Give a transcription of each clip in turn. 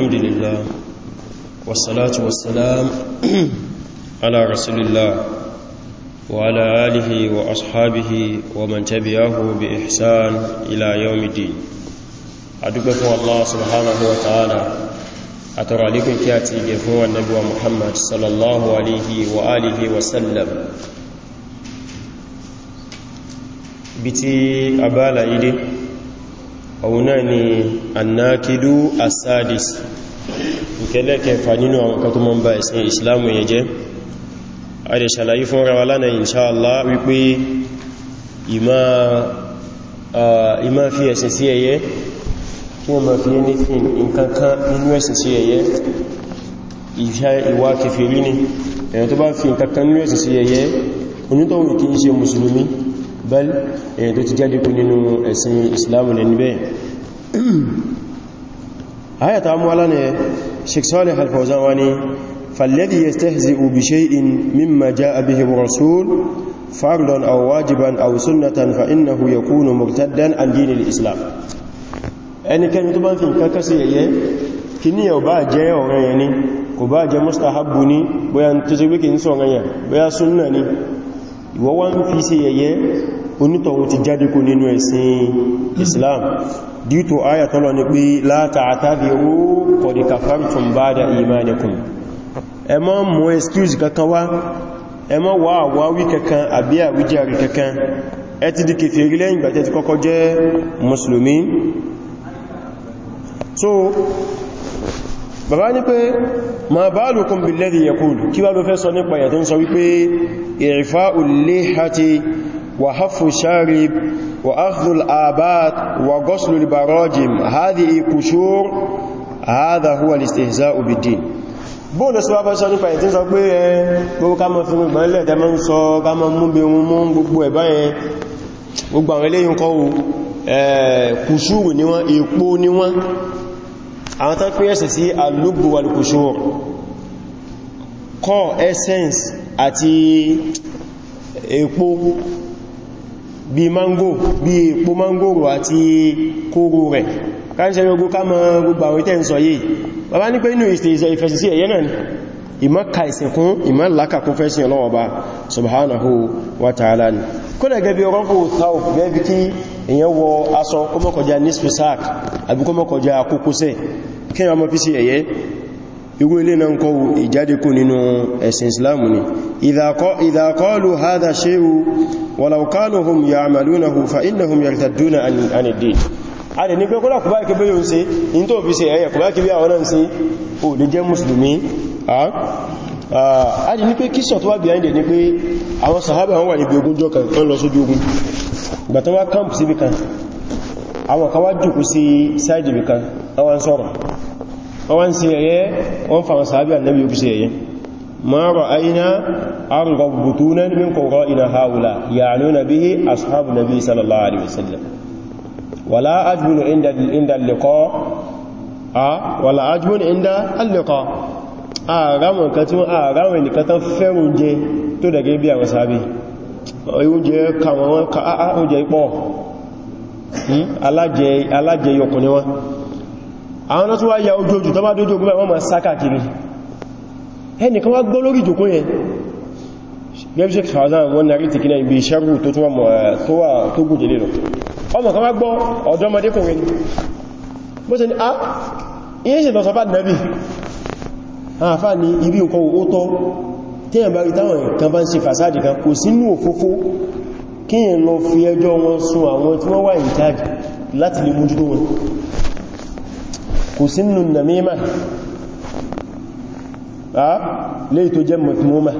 الحمد لله والصلاة والسلام على رسول الله وعلى آله وأصحابه ومن تبعه بإحسان إلى يوم الدين أدبكم الله سبحانه وتعالى أترى لكم كاتي جفوة النبي محمد صلى الله عليه وآله وسلم بتي أبال إليه òun náà ni annakidu asadis ìkẹlẹ́kẹfà nínú àwọn kan tó mọ́ ń ba ẹ̀sìn islamu yẹn jẹ́ a dẹ̀ ṣàlàyé fún rawa lánàá inṣáàlá wípé ìmá fi ẹ̀sìn sí ẹyẹ kí wọ́n ma fi anything nkankan nínú ẹ̀sìn sí ẹyẹ ìwà kèfèrí ni ẹ̀yàn tó bá fi nkankan nínú ẹ̀sìn sí ẹyẹ onítọ̀wò kìí ṣe mùsùlùmí bẹ́l èyàn eh, tó ti jáde kú nínú ẹ̀sìn islamu lẹ́ni bẹ́ẹ̀ ayata mú alá ní Shaykh Saalih Al Fawzān wani falladhi yastahzi'u bi shay'in mimma ja'a bihi ar-rasul fardan aw wajiban aw sunnatan fa innahu yakunu murtaddan an din al-islam ẹnikẹ́ni tó bá fi nǹkan kásí yẹ̀yẹ́ kí ní ọba jẹ́ ọ̀rẹ́ ni kò bá jẹ́ mustahabu ní bóyá tó ṣe wíkì ní sọ̀rẹ́ bóyá súnnà ni ìwọ́wọ́n fi ṣe yẹ̀yẹ́ onítọ̀wọ́ ti jáde kó nínú ẹ̀sìn Islam due to aya tọ́lọ ni pé la ta'tabiru qad kafartum ba'da imanikum ẹ má mú excuse kankan wá ẹ má wá àwáwí kankan àbí àwíjàre kankan ẹ ti di kèfèrí lẹ́yìn ìgbà tẹ́ ti kọ́kọ́ jẹ́ so bàbá ma balukum billadhi yaqulu kí wá ló fẹ́ sọ nípa ẹ̀yà tó وحفو الشارب وأخذ الآبات وغسل البراجم هذه قشور هذا هو الاستهزاء بالدين bóòlù sí wá bá sọ nípa ìtí sọ pé ẹ gbogbo ká mọ́ fún ìgbà ilẹ̀ tẹ́mọ́ ń sọ ká mọ́ mú bí wọn mú gbogbo ẹ̀bá yẹn gbogbo àwọn eléyìn kọ́ wù kùsùrù ní wọ́n èpo ní wọ́n àwọn tán pé ẹ̀sẹ̀ sí alúgbòwàlù bí mango bí èpo mangoro àti kóró rẹ̀ káàkiri ogun ká mọ́ gbogbo àwọn ìtẹ́ ń sọ yìí bàbá ní pé inú ìfẹ̀sìsí ẹ̀yẹ́ náà ni ìmọ̀ ìsìnkún ìmọ̀ fẹ́sìn ọlọ́wọ́ba subhanahu wa ta'ala ni kó dẹ̀ gẹ́bí ọgọ́gbò tàù gẹ́bí kí èyàn wọ aṣọ kọmọkọjá nisfisak àbí kọmọkọjá kókósẹ̀ kí wọ́n mọ́ fi sí ẹ̀yẹ́ irú ilé náà ń kọ́ ìjáde nínú ẹ̀sìn Islam ni إذا قالوا هذا شيء ولو قالوا هم يعملونه فإنهم يرتدون عن الدين a lè ní pé kọ́lá kùbá ìkẹ́ bẹ́yẹ̀ ń ṣe in tó fi ṣe ẹ̀yẹ kùbá ìkẹ́ bí àwọn náà ń ṣe ò lè jẹ́ mùsùlùmí a lè ní pé kí sọ̀tọ́wà bí i ní pé àwọn sàhábà wọ́n wà níbi ogun jọ kan lọ sójú ogun gbàtán wá kàmpù síbi kan àwọn kan jùkú sí sáìdì bí kan sọ̀rọ̀ wọ́n ń ṣe wọ́n fa àwọn sàhábà náà bí ó fi ṣe ẹ̀yẹ ما رأينا أرغب بطونا من قرائنا هؤلاء يعنون به أصحاب النبي صلى الله عليه وسلم ولا أجبن عند عند اللقاء آه ولا أجبن عند اللقاء àráwọn nǹkan tí wọ́n àráwọn ẹnìkan tán fẹ́ràn oúnjẹ tó dẹ̀gẹ́ bí àwọn sàábí oúnjẹ kàwọn wọn ká oúnjẹ ipọ̀ alájẹ ọkùnrin wọn àwọn tó wá ya ojú ojú tó bá dójú ogun bá wọ́n ma ẹnìkan wá gbọ́ lórí ìjòkó yẹn gẹ́bí ṣe fàázán wọ́n na rí ti kílẹ̀ ibi ìṣẹ́rù tó tún wà tó gùn jẹ́lẹ̀ lọ ọmọ kan wá gbọ́ ọ̀dọ́mọdékùnrin bó ni a iye ṣe lọ sọfá nàbí ibi nǹkan ó tọ́ tíyàn bá rí táwọn kan bá ń ṣe fàsádì kan kò sínú òfófó kíyàn kò sínú nàmímà léyìí tó jẹ́ mọ̀túnmọ́mà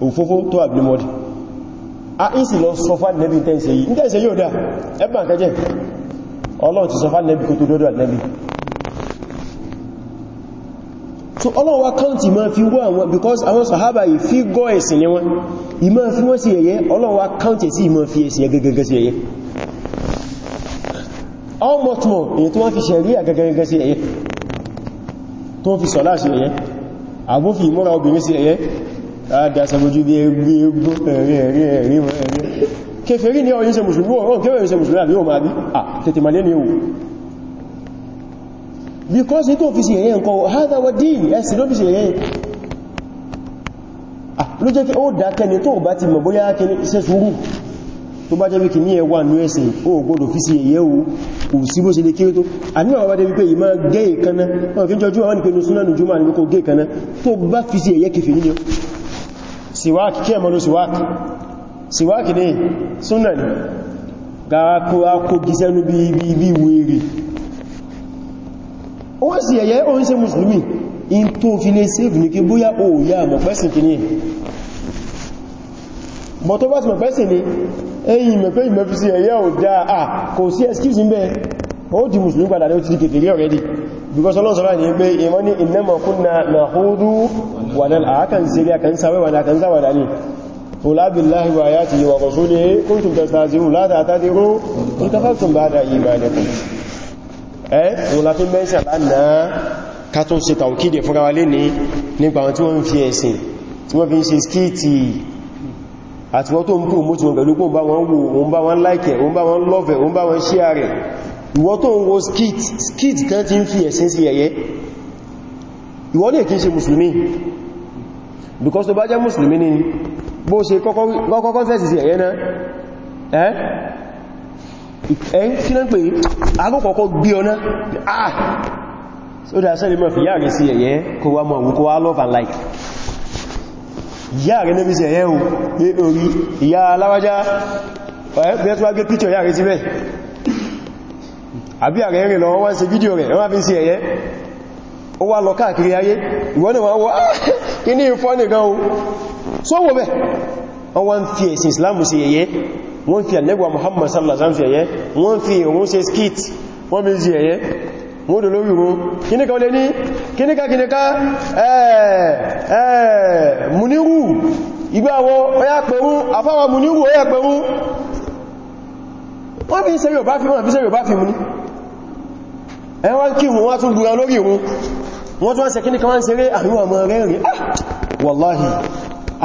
òfófó tó mọdụ a ń sì lọ sọfá nẹ́bí tẹ́ǹsẹ̀ yìí tẹ́ǹsẹ̀ yóò dá ẹgbà kẹjẹ́ ọlọ́run ti sọfá nẹ́bí kó tó dọ́dọ̀ nẹ́bí so ọlọ́run wá máa fi wọ́ àwọn because àwọn sàhábà yìí fi gọ́ ẹ̀sìn ni wọ́n ìmá fi wọ́n sí ẹ̀yẹ ọlọ́run wá sí ìmá fi ẹ̀sìn gẹ́gẹ́gẹ́ sí ẹ̀yẹ more èyí tó wọ́n fi fi sọ̀lá sí ẹ̀yẹ àbúfì múra obìnrin sí ẹ̀yẹ́ dáṣàbójú bí ẹgbẹ́ ẹgbẹ́ ẹ̀rí ẹ̀rí ẹ̀rí ẹ̀rí kèfèrí ní ọ̀yìn ṣe mùsùlùmí ọ̀rọ̀ kẹwẹ̀ ṣe mùsùlùmí àbí òmà bí à tètè màlé ní ewu because tó fi sí ẹ̀yẹ́ nǹkan hádà wà díì ẹ̀sì ló fi sí ẹ̀yẹ́ ló jẹ́ kí ó dákẹni tó bá ti mọ̀ bóyá kí ní iṣẹ́ sùúrù tó bá jẹ́ bí kì ní ẹwà nú ẹ̀sìn ó gbọ́dọ̀ fi sí ẹ̀yẹ́ kò sí bó ṣe lè kéré tó àní àwọn wádẹ́ wípé ìmá gẹ́ ìkaná wọn fi ń jọjú àwọn ìpinnu súnà nù jùmọ́ àníkò gẹ́ ìkaná tó bá fi sí ẹ̀yẹ kìfì nílò síwáàkì kí ẹmọ́nú síwáàkì síwáàkì ní súnà ní gàákó akógi sẹ́nu bí ibi wèrè ó wá ẹ̀yìn mẹ́pẹ́ ìmẹ́fisí ẹ̀yẹ́ ò dáa à kò sí excuse mẹ́ ó di musulmi padà ní ó ti di kèfèrí already because ọlọ́sọ́lá ní pé ìmọ́ ní innama kunna nahudu wà náà àákan sí rí àkàn sáwẹ́ wà náà àkàn sáwà dání قل بالله وآياته ورسوله كنتم تستهزئون لا تعتذروا إن كفرتم بعد إيمانكم eh wọ́n la fi mention lánàá ká tún ṣe tawkide fún wa leni nípa wọn tí wọ́n fi ẹ̀sìn tí wọ́n fi ṣe skiti àti wọ́n tó ń pùn mọ́tí wọn pẹ̀lú pùn bá wọn wò òun bá wọn láìkẹ̀ òun bá wọn lọ́fẹ̀ òun bá wọn ṣíà rẹ̀ ìwọ́n tó ń wo skit skit tán ti ń fi ẹ̀sìn sí ẹ̀yẹ ìwọ́n lè kí ṣe mùsùlùmí because tó bá jẹ́ mùsùlùmí ni bó ṣe kọ́kọ́ fẹ́sì sí ẹ̀yẹ náà ẹ́ kí náà pé akọ́kọ́ ah so that sẹ́lẹ̀ mọ̀ fi yáà rí sí ẹ̀yẹ kó love and like ìyá rẹ̀ níbi sí ẹ̀yẹ́ ohun pé orí ìyá aláwájá ọ̀ẹ́bẹ̀ẹ́ tó wá gé píkẹ̀ ìyá rẹ̀ síbẹ̀ àbí ààrẹ rìn lọ wọ́n ṣe fídíò rẹ̀ wọ́n fi ń ṣe ẹ̀yẹ́ ó wá lọ káàkiri ayé ìwọ́n náà ah, wọ́n o wọ́n Muhammad skit wọ́n dò lórí wọn kíníkà olè ní kíníkà kíníkà ẹ̀ẹ̀ múnírù ìgbàwọ́ ọyá pẹ̀rún àfáwà múnírù ọyá pẹ̀rún wọ́n fi ń sẹ́rẹ̀ ọ̀bá fi mọ́ àbí sẹ́rẹ̀ ọ̀bá fi mú ní ẹwà kí wọn wá tún gbúra lórí wọn wọ́n tún wá sẹ kíníkà wọ́n sẹ́rẹ̀ àríwà mọ́ rẹ́rìn ah! wàláhì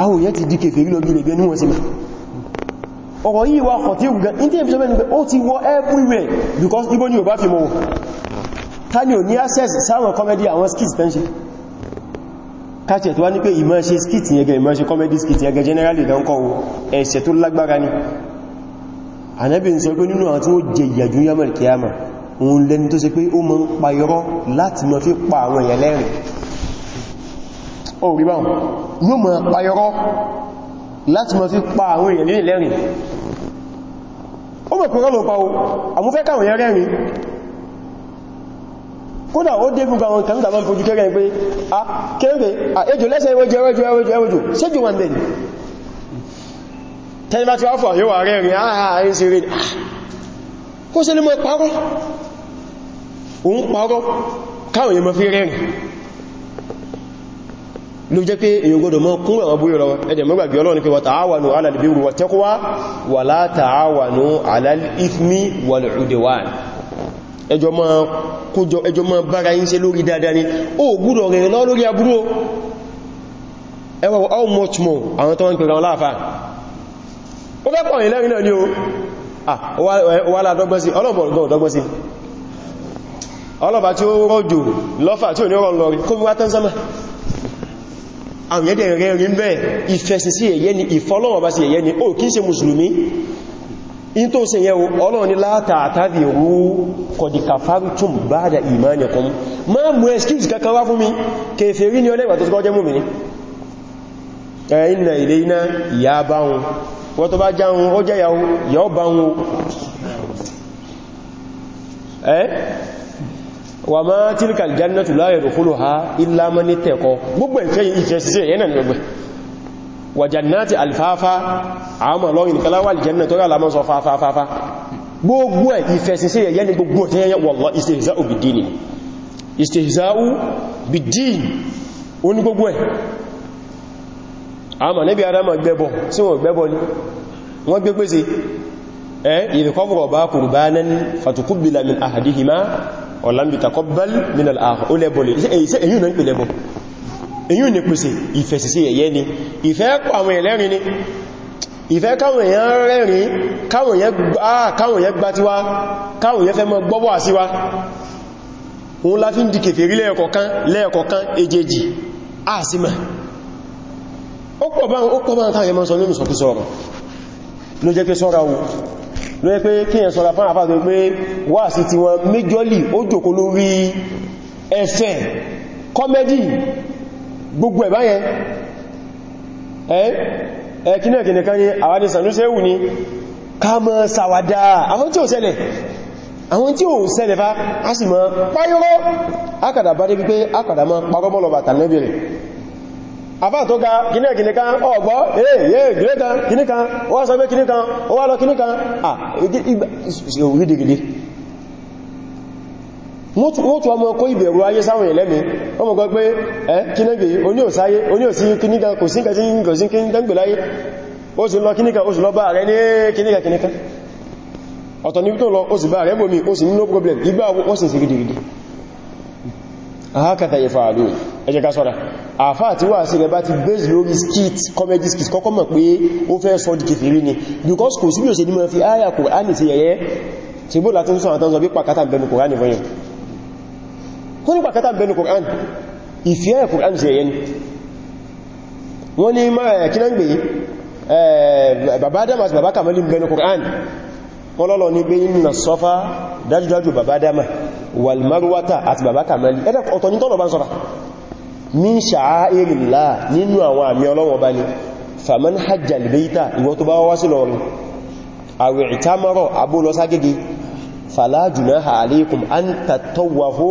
àwọn èèyàn ti di kèfèrí lọ gílẹ̀ bẹ́ẹ̀ níwọ̀n sí mẹ́ ọ̀rọ̀ yìí wá kọ̀ tí ó gùn gan ní tí èmi sọ pé ó ti wọ everywhere because ibo ni ò bá fi mọ́ ká ní ò ní access sáwọn comedy àwọn skits tán ṣe káàkiri tó wá ní pé ìmọ̀ ṣe skits yẹn gẹ̀ ìmọ̀ ṣe comedy skits yẹn gẹ̀ generally dánkọ́ ẹ̀ṣẹ̀ tó lágbára ni Ànábì ń sọ pé nínú àwọn tí ó jẹ ìyàjú yamal kiyama òun lẹni tó ṣe pé ó mọ́ ń pa irọ́ láti mọ́ fi pa àwọn èèyàn lẹ́rìn orí báwọn yóò mọ́ pa irọ́ kódà ó dé fún àwọn kàmítà máa ń fojú kéré a kéré à ejò lẹ́sẹ̀ ewéjò ewéjò ewéjò ewéjò séjò wọn bẹ̀ ni tẹ́yìnbá ti wá fọ̀ yóò wà rẹ̀rìn àárín sí rẹ̀ kó sí ní mọ́ parọ́ ẹjọ́ máa kójọ ẹjọ́ máa bára yín ṣe lórí dáadáa ni ó gbúdọ̀ rẹ̀ lọ lórí aburú ẹwà how much more àwọn tó ń pèrè àwọn láàfà ó fẹ́ pọ̀ ìlẹ́rin náà ni ó wà ládọ́gbọ́n sí ọlọ́bọ̀ sí ọlọ́bà tí ó rọ̀jò lọ́fà tí ò ní rọ̀ lọ́rí kó wá tán sánmà àwọn ẹ̀dẹ̀ rẹ̀ rí bẹ́ẹ̀ ìfẹ́sìn sí ẹ̀yẹ́ ni ìfọ́lọ́wọ̀ bá sí ẹ̀yẹ́ ni ó kìí ṣe in to ṣe yẹn Ọlọ́run ni látàtàdì rú kọ̀dìkàfàrútùm ba'da imanikum ma mu excuse kankan wá fún mi kèfèrí ní ọlẹ́gbà tó sọ́kọ́ jẹ́ múmi ní ẹ̀yìnà ilé iná ìyá bá wọn wọ́n tó bá já wọn ó jẹ́ yàó bá wọn ẹ́ tilkal jannatu la yadkhuluha illa man ittaqa gbogbo ìfẹ́ ìfẹ́ sí wa jannati alfafa àwọn ọmọ lọ́rin nìkan láwà aljanna tó rà lámọ́ sọ fáfáfáfá gbogbo ẹ̀ ìfẹ̀sìn sí ẹ̀yẹ́ ni gbogbo ọ̀tẹ́ yẹ́ wallahi istihza'u bid-dini istihza'u bid-dini ó ní gbogbo ẹ̀ àmà níbi adama gbẹ́bọ̀ tí wọ́n gbẹ́bọ̀ ní wọ́n gbé pèsè ẹ́ ìrìkọ́bùrọ̀ bá qurbanan èyí ní pèsè ìfẹ̀sìsí ẹ̀yẹ́ ni ìfẹ́ àwọn ẹlẹ́rin ni ìfẹ́ káwọn èèyàn rẹ́rin káwọn èèyàn gbá tí wá káwọn èèyàn fẹ́ mọ́ gbọ́bọ̀ àsí wá òun láti ń di kèfèrí lẹ́ẹ̀kọ̀kan lẹ́ẹ̀kọ̀kan èjèèjì àsìmà ó pọ̀ bá ó pọ̀ bá táwọn èèyàn sọ nínú sọkúsọ ọ̀rọ̀ ló jẹ́ pé sọ́ra wo ló jẹ́ pé kíyàn sọ́ra fún àfáà tó pé wà sí ti wọn méjọ́lì ó jòkó lórí ẹ̀fẹ́ kọ́mẹ́dì gbogbo ẹ̀bá yẹn ẹ̀ kí náà kìnnìkan ni àwọn ni Sanusi ewu ni ká mọ́ sàwádà àwọn tí ó ṣẹlẹ̀ àwọn tí ó ṣẹlẹ̀ fa a sì mọ́ páyọ́rọ́ akàdà bá dé wípé akàdà mọ́ pàgọ́mọ́lọ̀bà tàbí àbá tó ga kìnnà kìnnìkan ọgbọ́ èyẹ kìnnìkan wọ́n sọ wọ́n tún ọmọ kó ìbẹ̀rù ayé sáwọn ìlẹ́mi ọmọ kan pé ẹ́ kínẹ́gbè oní òsáyé oní òsí kíníkà kò sí kẹsí kò sí kíníkà láyé ó sì lọ kíníkà ó sì lọ bá rẹ ní kíníkà kíníkà ọ̀tọ̀ ní tó lọ ó sì bá rẹ bòmí ó sì ní no problem igbá ó sì sí gidigidi ahakata yẹ fàálù ẹ jẹ́ ká ṣọ́ra àfáà tí wà sí rẹ bá ti base lórí tó nípa kẹta bẹnu Qur'an ìfì ayà Qur'an sí ẹ̀yẹn wọ́n ní eh, kí náà ń gbé eh, bàbá Adam àti bàbá Kamali bẹnu Qur'an wọ́n lọ́lọ́ ní pé inna Safa dájúdájú bàbá Adam wal Marwata àti bàbá Kamali ẹ̀dà ọ̀tọ̀ ní tọ́lọ̀ bá ń sọ́ra an tatawwafu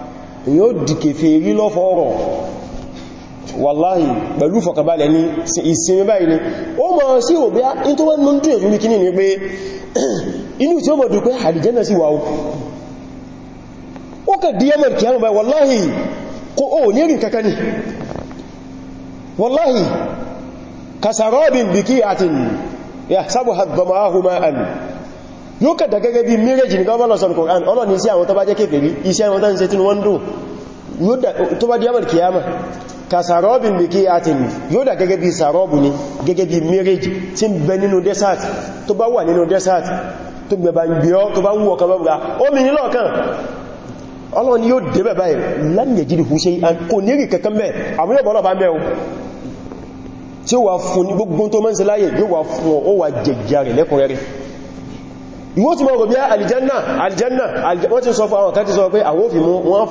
èyí ó dìkèfè rí lọ́fọ́ ọ̀rọ̀ wàláhì pẹ̀lú fọ̀kàbalẹ̀ ní ìsinmi báyìí ni ó mọ̀ sí òbí in tó wọ́n mú dùn èfúnmi kí ní ní pé inú tí ó mọ̀ dùn pé àdìjẹ́nà sí wà ó ó kà kí yóò kẹta gẹ́gẹ́ bí marriage ní gọ́ọ̀mọ́ lọ́sọ̀nù Qur'an ọlọ́ni sí àwọn tó bá jẹ́ kéfèrí iṣẹ́ àwọn tán ṣe tí wọ́n dùn tó bá díyàmà kìyàmà ka sarobin bí kí a ti ní yóò dà gẹ́gẹ́ bí sarobu ni gẹ́gẹ́ bí marriage tí ń bẹ nínú desert tó bá wà nínú desert tó gbẹ̀bà ń gbẹ̀ ọ́ tó bá wùwọ̀ kan bá omi nílọ̀ kan ọlọ́ni yóò dẹ̀bẹ̀ báyìí lánìyàn jíri hù ṣe kò ní rí kankan bẹ́ẹ̀ àwọn yóò bọ́lọ̀ bá mẹ́ tí ó wà fún gbogbo tó mọ́ ìwọ́n ti mọ́ ọgbọ̀ bí i alìjẹ́nà alìjẹ́nà wọ́n ti sọ fún àwọn kàtí sọ pé àwọn òfin mú wọ́n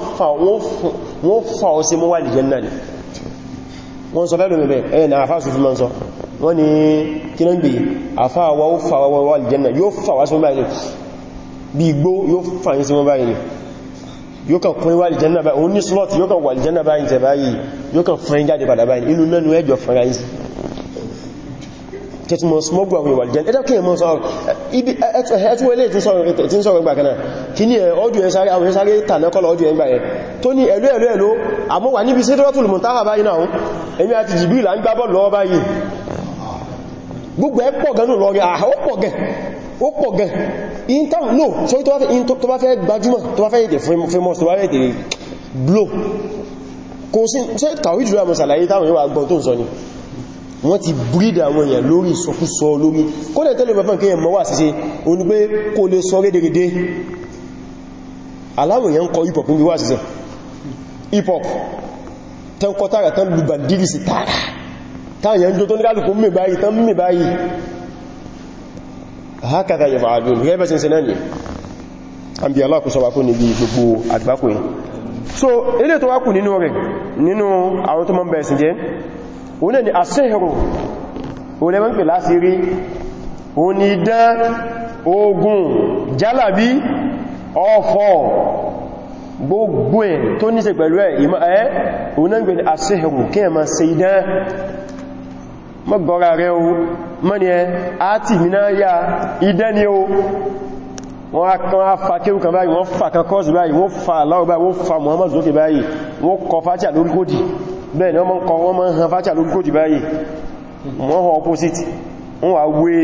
fà ọ sí mú wà alìjẹ́nà ni wọ́n sọ fẹ́lú mẹ́bẹ̀ ẹ̀yẹ na àfá sùfí mọ́ sọ wọ́n ni kí ló ń gbé àfá wa ó fà wọ́n wà alìjẹ́nà yóò fà wá sí mú báyìí bí igbó yóò fà yí sí mú báyìí yóò kàn kún wà alìjẹ́nà báyìí òun ní slot yóò kàn wà alìjẹ́nà báyìí tẹ́tí mọ́ smọ́gbọ́ àwọn ìwà jẹ́ ẹjọ́ kí ẹ mọ́ sọ́rọ̀ ibi ẹtùwẹ́ lè tún sọ́rọ̀ ìgbà kanáà kí ní ẹ̀ ọdún ẹsáré àwọn ẹsáré tànákọ́lọ̀ ọdún ẹgbà ẹ̀ tó ní ẹ̀lú ẹ̀lú ẹ̀lú àmọ́wà níbi Sidratul Muntaha báyìí náà èmi àti Jibril ń gbábọ̀ lọ́wọ́ báyìí gbogbo ẹ pọ̀ gan lórí àhá ó pọ̀ gan ó pọ̀ gan in town no so tó bá fẹ́ gbajúmọ̀ tó bá fẹ́ èdè famous tó bá fẹ́ èdè blow kò sí ṣe kàwí jùlọ àmọ́sàlàyé táwọn yíwa gbọ́n tó ń sọ ni wọ́n ti brídà àwọn èèyàn lórí ìsọkúsọ olómi kó lè tẹ́lẹ̀ bàbá nǹkan mọ́wà sí ṣe o ní pé kó lè sọ rédèrèdè aláwọ̀ èèyàn kọ hip-hop níbi wà sí ṣe hip-hop tán kọ tààrà tán lù bàndírì sí tààrà táyàn jó tó ní kálùkù mẹ́ báyìí tán mẹ́ báyìí hákàtà yẹ̀ fàájú rẹ́bẹ̀ sí náà ni àbí aláàkùsọ wà fún níbi gbogbo àgbákò yìí so ilé tó wákù nínú rẹ̀ nínú àwọn tó mọ́ bẹ̀ẹ̀sìn jẹ́ òun náà ni asẹ́hẹ̀rù òun lẹ́mọ́ ń pè láti rí òun ni idán ogun jálàbí ọfọ̀ gbogbo ẹ̀ tó níṣe pẹ̀lú ẹ̀ ìmọ̀ ẹ́ òun náà ń pè ní asẹ́hẹ̀rù kí ẹ má ṣe idán mọ́ gbọ́ra rẹ̀ o mọ́ ni ẹ á tì mí náà yá idán ni o wọ́n kan á fa kéwù kan báyìí wọ́n fa kan kọ́ọ̀sì báyìí wọ́n fa aláwọ̀ báyìí wọ́n fa Muhammadu bẹ́ẹ̀ ni wọ́n mọ́ wọ́n mọ́ hàn fàtíà lórí kòjì báyìí wọ́n hàn opposite wọ́n wà wé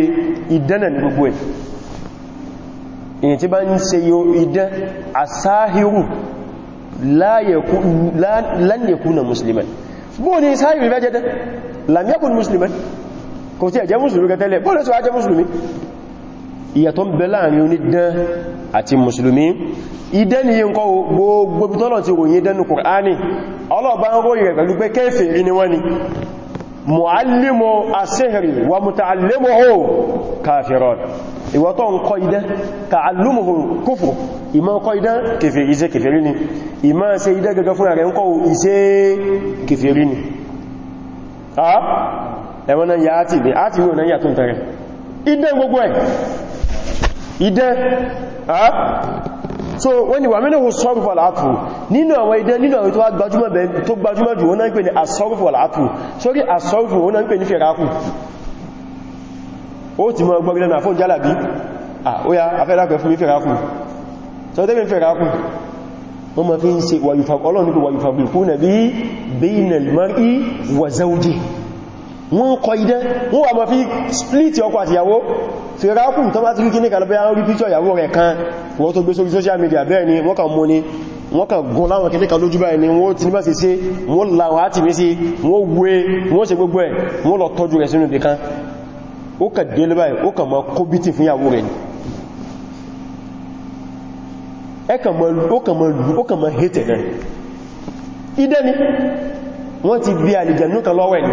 ìdẹ́nà ní gbogbo ẹ̀ èyí tí bá ń ṣe yóò idẹ́ asáhírù láyẹ̀kú na musulman bóò ní sáhírù bẹ́ jẹ́dẹ́ lámẹ́kùn musulman kò tí ẹ̀jẹ́ musulmi gẹ́tẹ́lẹ̀ bóò lọ́sọ̀ ajẹ́ musulmi ìyàtọ̀ ń bẹ láàrin onídán àti musulmi ìdẹ́ni yí nǹkan gbogbo bitọ́lọ̀ ti ròyìn dẹnu kùránì ọlọ́ọ̀bá ń ròyìn rẹ̀ pẹ̀lú pé kèfèrí ni wọ́n ni muallimu asihiri wa mutaallimuhu kafirun ìwọ tó ń kọ́ idán ta'allumuhu kufur ìmọ̀ kọ́ idán kèfèrí iṣẹ́ kèfèrí ni ìmọ̀ ṣe idán gẹ́gẹ́ fún ààrẹ gbogbo ẹ̀ idán so when you are who wọ́n ni wà mínú sọ́rùfù aláàtù nínú àwọn idẹ́ nínú àwọn tó gbajúmọ̀ jù wọ́n náà ń pè ní asọ́rùfù aláàtù sórí asọ́rùfù wọ́n náà ń pè ní fìrákù ó ti mọ́ gbọ́gbẹ́lẹ́ náà fún jálàbí àóyá afẹ́lápẹ̀ fún fìrákù so tẹ́bí fìrákù wọ́n ma fi ń ṣe wàyùfàkọ́lọ́nìkúnà bí bẹ́yìnà mọ́rí wà zaújì wọ́n kọ idẹ́ wọ́n wà ma fi split ọkọ àtìyàwó fi rákùn tó bá ti kíkí ní kalabẹ́ àwọn orí píṣọ́ ìyàwó rẹ̀ kan wọ́n tó gbé sórí social media bẹ́ẹ̀ ni wọ́n kàn mú ni wọ́n kàn gún láwọn kẹtẹ́kà lójú báyìí ni wọ́n ti ní bá ṣe ṣe wọ́n láwọn á ti mí sí wọ́n wé wọ́n ṣe gbogbo ẹ̀ wọ́n lọ tọ́jú rẹ̀ sínú ibìkan ó kà dé lébáyìí ó kàn mọ́ kóbítì fún ìyàwó rẹ̀ ni ó kàn mọ́ hétẹ̀ náà idẹ́ ni wọ́n ti bí àlìjẹ̀ nú kan lọ́wọ́ ẹ̀ ni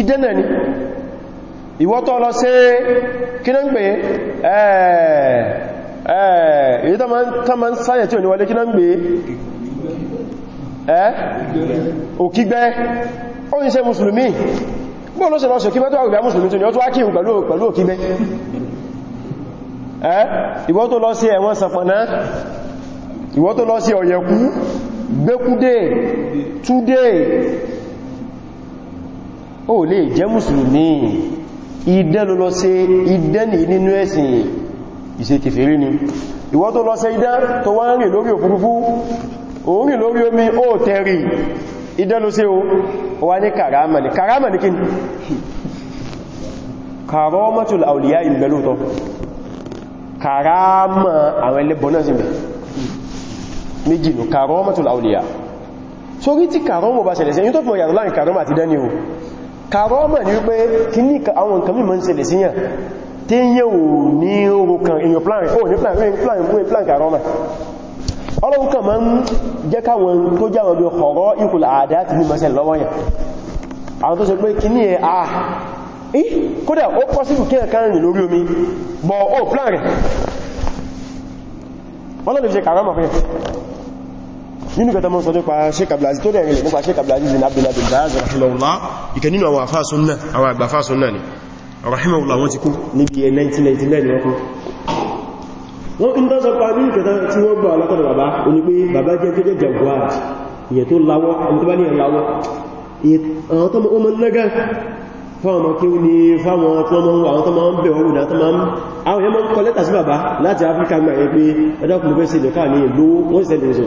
ìdẹ́nà ni ìwọ́tọ́ lọ sí kí ní ń pè èyí tó ma ń sáyẹ̀ tí ò ní wọlé kí ní ń pè òkígbẹ́ ó ń ṣe mùsùlùmí bóò ló ṣe lọ́ṣọ̀ kí mẹ́tọ́ àgbà mùsùlùmí tó ní ọjọ́ ákíyàn pẹ̀lú òkígbẹ́ ìwọ́ lọ sí ẹ̀wọ̀n sàpọ̀ná ó lè jẹ́ mùsùlùmí idẹ́ ló lọ sí idẹ́ ní nínú ẹ̀sìn ìṣẹ́kẹfẹ́rí ni ìwọ́n tó lọ sí idẹ́ tó wá ń rìn lórí òfurufú òórìn lórí omi ó tẹ́rì idẹ́ ló sí o wá ní karama ní karama ni kí karamatul awliya ìbẹ̀lótọ́ karama àwọn ẹlẹ́bọn náà sí mẹ́ méjì nù karamatul awliya sórí tí karama bá ṣẹlẹ̀ sí ẹni tó fún ọ̀yàtọ̀ láàrin karama àti dánihù karọ́mà ní wípé kí ní àwọn nǹkan mímọ̀ ń ṣẹlẹ̀ síyàn tí yẹ ò ní oòrùn èyàn plan ò ní plan rí plan fún plan karọ́mà ọlọ́run kan ma ń jẹ́ káwọn tó jáwọn bí ọ̀rọ̀ ikùl àdá ti ní mọ́sẹ̀ lọ́wọ́yàn àwọn tó sọ pé kí ní plan rẹ̀ wọ́n lọ́dẹ̀ nínú kẹta mọ́ sọ nípa Sheikh Abdulaziz tó dẹ̀rẹ̀ nípa Sheikh Abdulaziz bin Abdullah bin Baz rahimahullah ìkẹ nínú àwọn àfáà súnnà àwọn àgbà súnnà ni rahimahullah wọ́n ti kú níbi 1999 ni wọ́n kú wọ́n in tọ́sọ pa nínú kẹta tí wọ́n gbọ́ alákọ̀dọ̀ bàbá o ní pé bàbá jẹ́ tó jẹ́ jaguar ìyẹ̀ tó láwọ́ ọmọ tó bá ní ẹ̀ láwọ́ àwọn tó mọ́ nága fáwọn ọmọ kí ó ní fáwọn àwọn tó máa ń bẹ̀ ọwọ́ ìdá tó máa ń àwọn ẹmọ́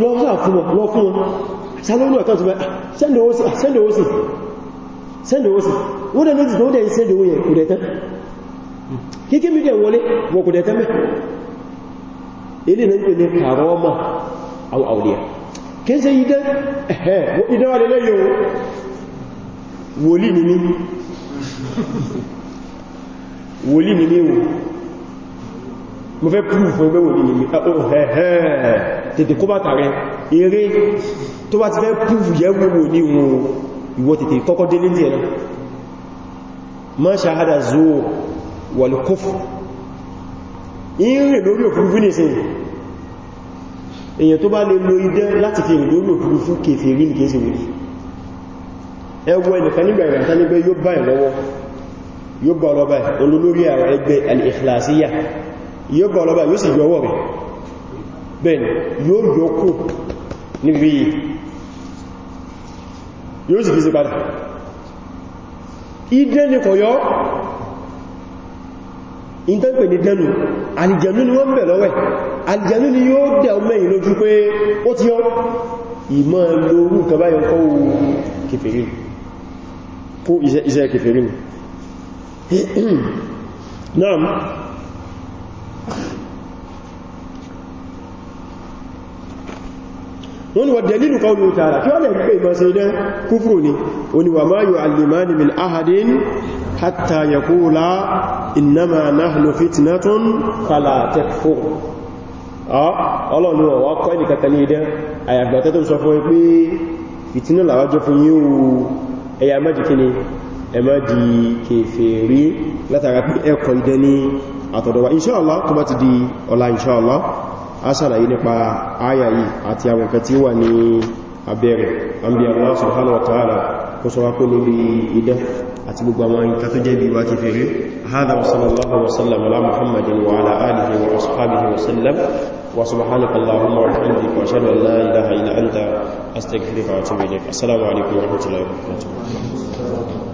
lọ́fún lọ́fún salónú ẹ̀kan tó bẹ́ send owó sí send owó sí send owó sí wọ́n dẹ̀ notice wọ́n dẹ̀ send owó yẹn kò dẹ̀tẹ́ kíkí mi dẹ̀ wọlé wọ́n kò dẹ̀tẹ́ mẹ́ ilé na ń pè ní karọ́mà àwọn àwòlíyà kí ṣe yí dẹ́ ẹ̀hẹ́ ìdánwà lẹ́lẹ́ yóò wòlí ni mí wòlí ni mí wò mo fẹ́ proof fún ẹgbẹ́ wòlí ni mí ah, oh, tètè kó bàtà rẹ eré tó bá ti fẹ́ púfù yẹ wúwo ní wọn ìwọ tètè kọ́kọ́ délé ní ẹ̀rọ mọ́ ṣàhádà zuwo wàlùkúfù ìrìn lórí òfurufú nìsìn èyàn tó bá lè lo idẹ́ láti fi ìrìn lórí òfurufú kèfè rí ní kéèsì wòlì ẹwọ ẹnìkan nígbà ìrìnàtà nígbẹ́ yóò bá ìlọ́wọ́ bẹ́ẹ̀ni yóò yóò níbi yóò sì fi sí padà ìdẹ́ ni kọ̀ yọ́ ìtẹ́pẹ̀ ní dẹnu àlìjẹ̀nú ni wọ́n bẹ̀ lọ́wẹ́ àlìjẹ̀nú ni yóò dẹ̀ mẹ́yìn lójú pé ó ti yọ́ ìmọ̀ lórú kẹbáyọ kọ́ kèfèrí kó wọ́n ni wà dalilu qawlu ta'ala kí wọ́n lè gbé ìmọ̀ sí idán kúfùrù ni wọ́n ni wà ma yu'allimani min ahadin hatta yaqula innama nahnu fitnatun fala takfur ah, ọlọ́run wọ́n kọ́ ìdíkàtà ní idán àyàgbàtẹ́ tó sọ fún pé fìtínà làwájọ́ fún yíò ẹ̀yà mẹ́jì kí ni ẹmọ́ di kèfèrí látara pé a sàlàyé nípa àyà yìí àti àwọn nǹkan tí wà ní abẹ́rẹ̀ an bí Allah subhanahu wa ta'ala kó sọ wákó níbi idán àti gbogbo àwọn nǹkan tó jẹ́ bí wá ti fèrè hádà wasallallahu wasallam